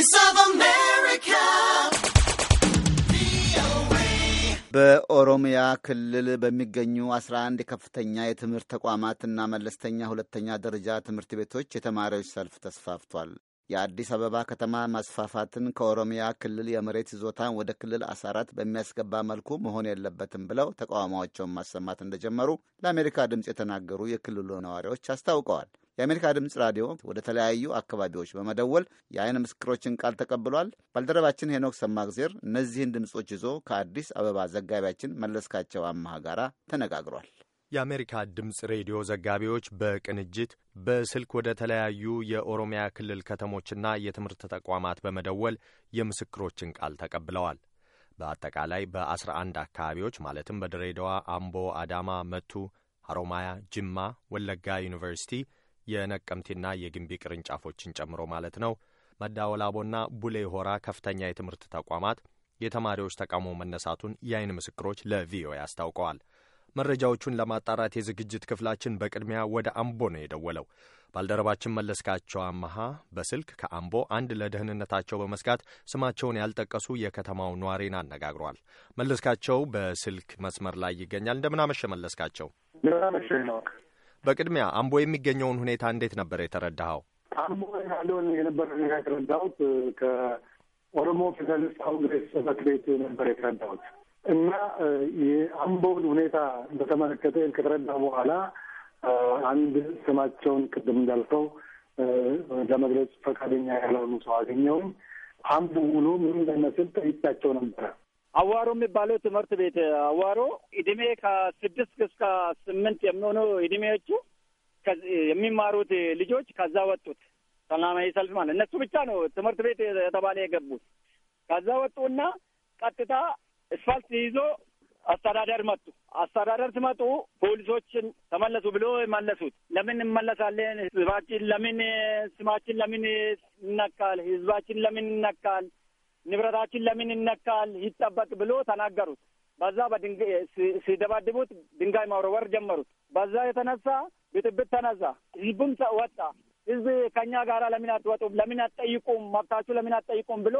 Voice of America. በኦሮሚያ ክልል በሚገኙ 11 ከፍተኛ የትምህርት ተቋማትና መለስተኛ ሁለተኛ ደረጃ ትምህርት ቤቶች የተማሪዎች ሰልፍ ተስፋፍቷል። የአዲስ አበባ ከተማ ማስፋፋትን ከኦሮሚያ ክልል የመሬት ይዞታን ወደ ክልል አሳራት በሚያስገባ መልኩ መሆን የለበትም ብለው ተቃውሟቸውን ማሰማት እንደጀመሩ ለአሜሪካ ድምፅ የተናገሩ የክልሉ ነዋሪዎች አስታውቀዋል። የአሜሪካ ድምፅ ራዲዮ ወደ ተለያዩ አካባቢዎች በመደወል የአይን ምስክሮችን ቃል ተቀብሏል። ባልደረባችን ሄኖክ ሰማግዜር እነዚህን ድምፆች ይዞ ከአዲስ አበባ ዘጋቢያችን መለስካቸው አማሃ ጋር ተነጋግሯል። የአሜሪካ ድምፅ ሬዲዮ ዘጋቢዎች በቅንጅት በስልክ ወደ ተለያዩ የኦሮሚያ ክልል ከተሞችና የትምህርት ተቋማት በመደወል የምስክሮችን ቃል ተቀብለዋል። በአጠቃላይ በ11 አካባቢዎች ማለትም በድሬዳዋ፣ አምቦ፣ አዳማ፣ መቱ፣ ሐሮማያ፣ ጅማ፣ ወለጋ ዩኒቨርሲቲ የነቀምቴና የግንቢ ቅርንጫፎችን ጨምሮ ማለት ነው መዳወላቦና ቡሌ ሆራ ከፍተኛ የትምህርት ተቋማት የተማሪዎች ተቃውሞ መነሳቱን የአይን ምስክሮች ለቪኦኤ አስታውቀዋል። መረጃዎቹን ለማጣራት የዝግጅት ክፍላችን በቅድሚያ ወደ አምቦ ነው የደወለው። ባልደረባችን መለስካቸው አመሃ በስልክ ከአምቦ አንድ ለደህንነታቸው በመስጋት ስማቸውን ያልጠቀሱ የከተማው ነዋሪን አነጋግሯል። መለስካቸው በስልክ መስመር ላይ ይገኛል። እንደምናመሸ መለስካቸው። እንደምናመሸ ነው በቅድሚያ አምቦ የሚገኘውን ሁኔታ እንዴት ነበር የተረዳኸው? አምቦ ያለውን የነበረ ሁኔታ የተረዳሁት ከኦሮሞ ፌደራሊስት ኮንግሬስ ጽህፈት ቤት ነበር የተረዳሁት እና የአምቦውን ሁኔታ በተመለከተ ከተረዳ በኋላ አንድ ስማቸውን ቅድም እንዳልከው ለመግለጽ ፈቃደኛ ያልሆኑ ሰው አገኘውኝ። አምቦ ውሎ ምን እንደሚመስል ጠይቄያቸው ነበረ። አዋሮ የሚባለው ትምህርት ቤት አዋሮ እድሜ ከስድስት እስከ ስምንት የሚሆኑ እድሜዎቹ የሚማሩት ልጆች ከዛ ወጡት። ሰላማዊ ሰልፍ ማለት እነሱ ብቻ ነው ትምህርት ቤት የተባለ የገቡት። ከዛ ወጡና ቀጥታ እስፋልት ይዞ አስተዳደር መጡ። አስተዳደር ሲመጡ ፖሊሶችን ተመለሱ ብሎ መለሱት። ለምን እመለሳለን ህዝባችን ለምን ስማችን ለምን ይነካል? ህዝባችን ለምን ይነካል? ንብረታችን ለምን ይነካል ይጠበቅ ብሎ ተናገሩት። በዛ ሲደባድቡት ድንጋይ ማውረወር ጀመሩት። በዛ የተነሳ ብጥብጥ ተነሳ። ህዝቡም ወጣ። ህዝብ ከኛ ጋራ ለምን አትወጡም? ለምን አትጠይቁም? መብታችሁ ለምን አትጠይቁም ብሎ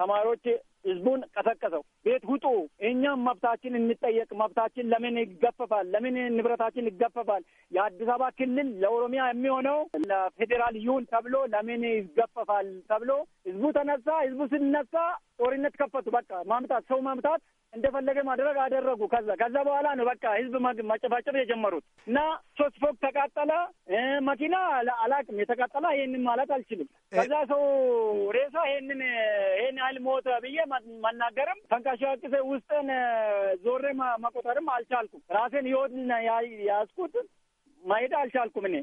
ተማሪዎች ህዝቡን ቀሰቀሰው። ቤት ውጡ፣ እኛም መብታችን እንጠየቅ፣ መብታችን ለምን ይገፈፋል? ለምን ንብረታችን ይገፈፋል? የአዲስ አበባ ክልል ለኦሮሚያ የሚሆነው ለፌዴራል ይሁን ተብሎ ለምን ይገፈፋል? ተብሎ ህዝቡ ተነሳ። ህዝቡ ስነሳ ጦርነት ከፈቱ። በቃ ማምታት ሰው ማምታት እንደፈለገ ማድረግ አደረጉ። ከዛ ከዛ በኋላ ነው በቃ ህዝብ ማጨፋጨፍ የጀመሩት እና ሶስት ፎቅ ተቃጠለ። መኪና አላቅም የተቃጠለ ይህንን ማለት አልችልም። ከዛ ሰው ሬሳ ይህንን ይህን ያህል ሞተ ብዬ መናገርም ተንቀሳቅሼ ውስጥን ዞሬ መቆጠርም አልቻልኩም። ራሴን ህይወት ያዝኩት ማሄድ አልቻልኩም። እኔ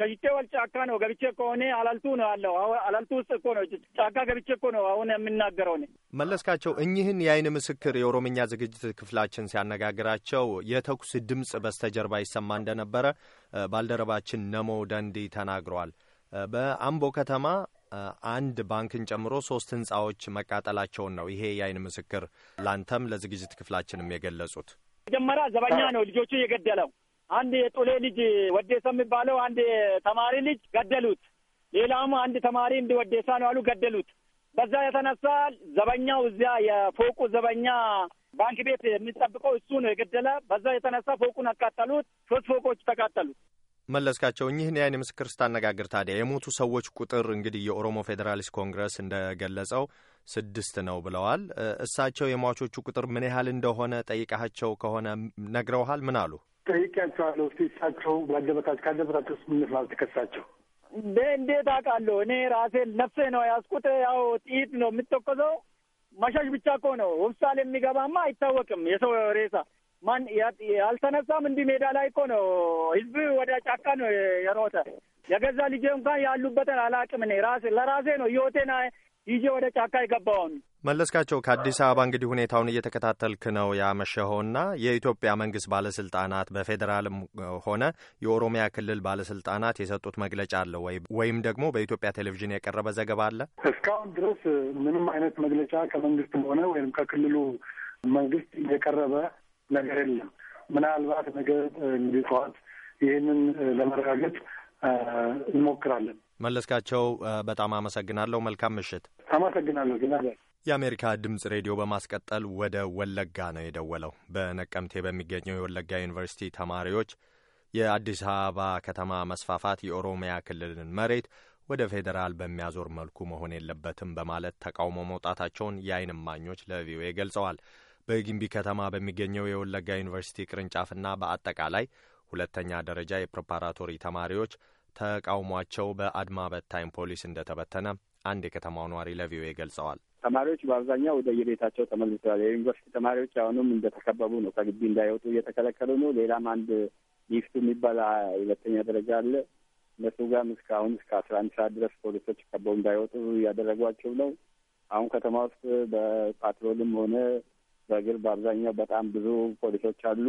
ሸሽቼ ወል ጫካ ነው ገብቼ ከሆነ አላልቱ ነው ያለው። አላልቱ ውስጥ እኮ ነው ጫካ ገብቼ እኮ ነው አሁን የምናገረው። እኔ መለስካቸው እኚህን የአይን ምስክር የኦሮምኛ ዝግጅት ክፍላችን ሲያነጋግራቸው የተኩስ ድምፅ በስተጀርባ ይሰማ እንደነበረ ባልደረባችን ነሞ ደንዲ ተናግሯል። በአምቦ ከተማ አንድ ባንክን ጨምሮ ሶስት ህንጻዎች መቃጠላቸውን ነው ይሄ የአይን ምስክር ላንተም ለዝግጅት ክፍላችንም የገለጹት። መጀመሪያ ዘበኛ ነው ልጆቹ የገደለው። አንድ የጡሌ ልጅ ወዴሳ የሚባለው አንድ ተማሪ ልጅ ገደሉት። ሌላም አንድ ተማሪ እንዲ ወዴሳ ነው አሉ ገደሉት። በዛ የተነሳ ዘበኛው እዚያ የፎቁ ዘበኛ ባንክ ቤት የሚጠብቀው እሱ ነው የገደለ። በዛ የተነሳ ፎቁን አቃጠሉት። ሶስት ፎቆች ተቃጠሉት። መለስካቸው እኚህን ያን የምስክር ስታነጋግር ታዲያ የሞቱ ሰዎች ቁጥር እንግዲህ የኦሮሞ ፌዴራሊስት ኮንግረስ እንደገለጸው ስድስት ነው ብለዋል። እሳቸው የሟቾቹ ቁጥር ምን ያህል እንደሆነ ጠይቃቸው ከሆነ ነግረውሃል? ምን አሉ? ጠይቄያቸዋለሁ። እስቲ እሳቸው ባለበታቸው ካደበታቸው ስምነት ማለት ከሳቸው እንዴት አውቃለሁ? እኔ ራሴ ነፍሴ ነው ያስቁት። ያው ጥይት ነው የሚተኮሰው። መሸሽ ብቻ እኮ ነው። ውብሳል የሚገባማ አይታወቅም የሰው ሬሳ ማን ያልተነሳም እንዲህ ሜዳ ላይ እኮ ነው ህዝብ ወደ ጫካ ነው የሮጠ። የገዛ ልጄ እንኳን ያሉበትን አላቅም። እኔ ራሴ ለራሴ ነው ህይወቴን ይዤ ወደ ጫካ የገባውን። መለስካቸው ከአዲስ አበባ እንግዲህ ሁኔታውን እየተከታተልክ ነው ያመሸኸውና የኢትዮጵያ መንግስት ባለስልጣናት በፌዴራልም ሆነ የኦሮሚያ ክልል ባለስልጣናት የሰጡት መግለጫ አለ ወይ ወይም ደግሞ በኢትዮጵያ ቴሌቪዥን የቀረበ ዘገባ አለ? እስካሁን ድረስ ምንም አይነት መግለጫ ከመንግስትም ሆነ ወይም ከክልሉ መንግስት የቀረበ ነገር የለም። ምናልባት ነገ እንግዲህ ጠዋት ይህንን ለመረጋገጥ እንሞክራለን። መለስካቸው፣ በጣም አመሰግናለሁ። መልካም ምሽት። አመሰግናለሁ። የአሜሪካ ድምጽ ሬዲዮ በማስቀጠል ወደ ወለጋ ነው የደወለው። በነቀምቴ በሚገኘው የወለጋ ዩኒቨርሲቲ ተማሪዎች የአዲስ አበባ ከተማ መስፋፋት የኦሮሚያ ክልልን መሬት ወደ ፌዴራል በሚያዞር መልኩ መሆን የለበትም በማለት ተቃውሞ መውጣታቸውን የአይንማኞች እማኞች ለቪኦኤ ገልጸዋል። በጊምቢ ከተማ በሚገኘው የወለጋ ዩኒቨርሲቲ ቅርንጫፍና በአጠቃላይ ሁለተኛ ደረጃ የፕሮፓራቶሪ ተማሪዎች ተቃውሟቸው በአድማ በታኝ ፖሊስ እንደተበተነ አንድ የከተማው ነዋሪ ለቪኦኤ ገልጸዋል። ተማሪዎች በአብዛኛው ወደ የቤታቸው ተመልሰዋል። የዩኒቨርሲቲ ተማሪዎች አሁንም እንደተከበቡ ነው። ከግቢ እንዳይወጡ እየተከለከሉ ነው። ሌላም አንድ ሊፍቱ የሚባል ሁለተኛ ደረጃ አለ። እነሱ ጋርም እስካሁን እስከ አስራ አንድ ሰዓት ድረስ ፖሊሶች ከበው እንዳይወጡ እያደረጓቸው ነው። አሁን ከተማ ውስጥ በፓትሮልም ሆነ በእግር በአብዛኛው በጣም ብዙ ፖሊሶች አሉ።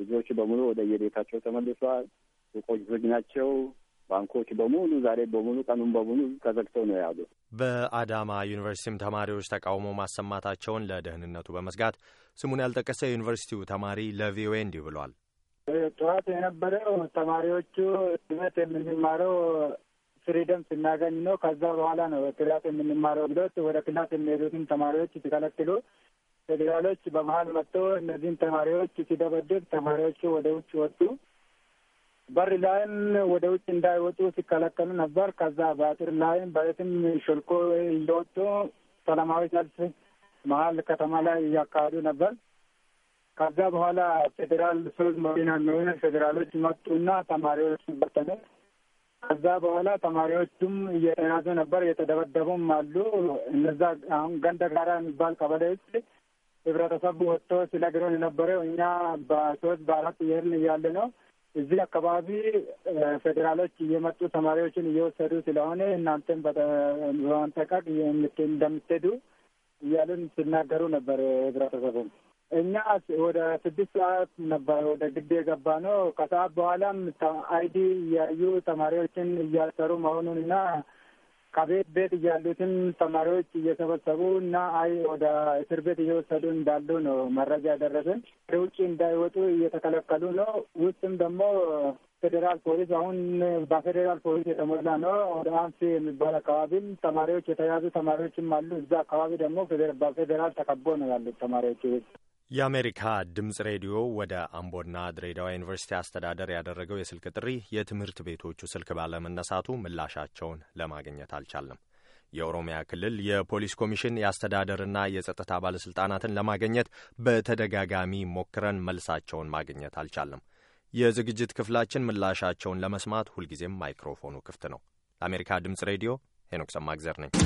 ልጆች በሙሉ ወደ የቤታቸው ተመልሰዋል። ሱቆች ዝግ ናቸው። ባንኮች በሙሉ ዛሬ በሙሉ ቀኑን በሙሉ ተዘግተው ነው ያሉ። በአዳማ ዩኒቨርሲቲም ተማሪዎች ተቃውሞ ማሰማታቸውን ለደህንነቱ በመስጋት ስሙን ያልጠቀሰ የዩኒቨርሲቲው ተማሪ ለቪኦኤ እንዲህ ብሏል። ጠዋት የነበረው ተማሪዎቹ ትምህርት የምንማረው ፍሪደም ስናገኝ ነው፣ ከዛ በኋላ ነው ክላስ የምንማረው ብሎት ወደ ክላስ የሚሄዱትን ተማሪዎች ሲከለክሉ ፌዴራሎች በመሀል መጥቶ እነዚህን ተማሪዎች ሲደበድብ ተማሪዎቹ ወደ ውጭ ወጡ። በር ላይም ወደ ውጭ እንዳይወጡ ሲከለከሉ ነበር። ከዛ በአጥር ላይም በየትም ሾልኮ እየወጡ ሰላማዊ ሰልፍ መሀል ከተማ ላይ እያካሄዱ ነበር። ከዛ በኋላ ፌዴራል ሶስት መኪና የሚሆነ ፌዴራሎች መጡና ተማሪዎች በተነ። ከዛ በኋላ ተማሪዎቹም እየተያዙ ነበር፣ እየተደበደቡም አሉ። እነዛ አሁን ገንደ ጋራ የሚባል ቀበሌ ውስጥ ህብረተሰቡ ወጥቶ ሲነግረን የነበረው እኛ በሶስት በአራት እየሄድን እያለ ነው እዚህ አካባቢ ፌዴራሎች እየመጡ ተማሪዎችን እየወሰዱ ስለሆነ እናንተን በማንጠቃቅ እንደምትሄዱ እያሉን ሲናገሩ ነበር። ህብረተሰቡም እኛ ወደ ስድስት ሰዓት ነበር ወደ ግቢ የገባ ነው። ከሰዓት በኋላም አይዲ እያዩ ተማሪዎችን እያሰሩ መሆኑን እና ከቤት ቤት እያሉትም ተማሪዎች እየሰበሰቡ እና አይ ወደ እስር ቤት እየወሰዱ እንዳሉ ነው መረጃ ያደረሰን። ወደ ውጭ እንዳይወጡ እየተከለከሉ ነው። ውስጥም ደግሞ ፌዴራል ፖሊስ አሁን በፌዴራል ፖሊስ የተሞላ ነው። ወደ አንስ የሚባል አካባቢም ተማሪዎች የተያዙ ተማሪዎችም አሉ። እዛ አካባቢ ደግሞ በፌዴራል ተከቦ ነው ያሉት ተማሪዎች። የአሜሪካ ድምፅ ሬዲዮ ወደ አምቦና ድሬዳዋ ዩኒቨርሲቲ አስተዳደር ያደረገው የስልክ ጥሪ የትምህርት ቤቶቹ ስልክ ባለመነሳቱ ምላሻቸውን ለማግኘት አልቻለም። የኦሮሚያ ክልል የፖሊስ ኮሚሽን የአስተዳደርና የጸጥታ ባለሥልጣናትን ለማግኘት በተደጋጋሚ ሞክረን መልሳቸውን ማግኘት አልቻለም። የዝግጅት ክፍላችን ምላሻቸውን ለመስማት ሁልጊዜም ማይክሮፎኑ ክፍት ነው። ለአሜሪካ ድምፅ ሬዲዮ ሄኖክ ሰማግዘር ነኝ።